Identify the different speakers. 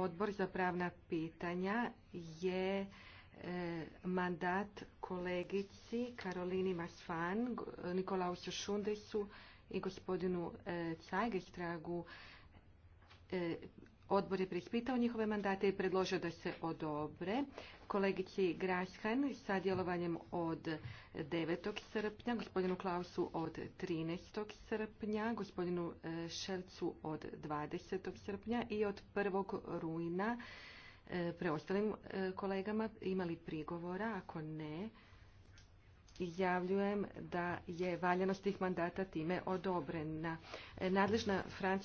Speaker 1: Odbor za pravna pitanja je e, mandat kolegici Karolini Masvan, Nikolausu Šundesu i gospodinu e, Cajgestragu e, Odbor je prispitao njihove mandate i predložio da se odobre. Kolegici Grashan sa djelovanjem od 9. srpnja, gospodinu Klausu od 13. srpnja, gospodinu e, Šelcu od 20. srpnja i od 1. rujna e, preostalim e, kolegama imali prigovora, ako ne, izjavljujem da je valjanost tih mandata time odobrena. Nadležna Francuska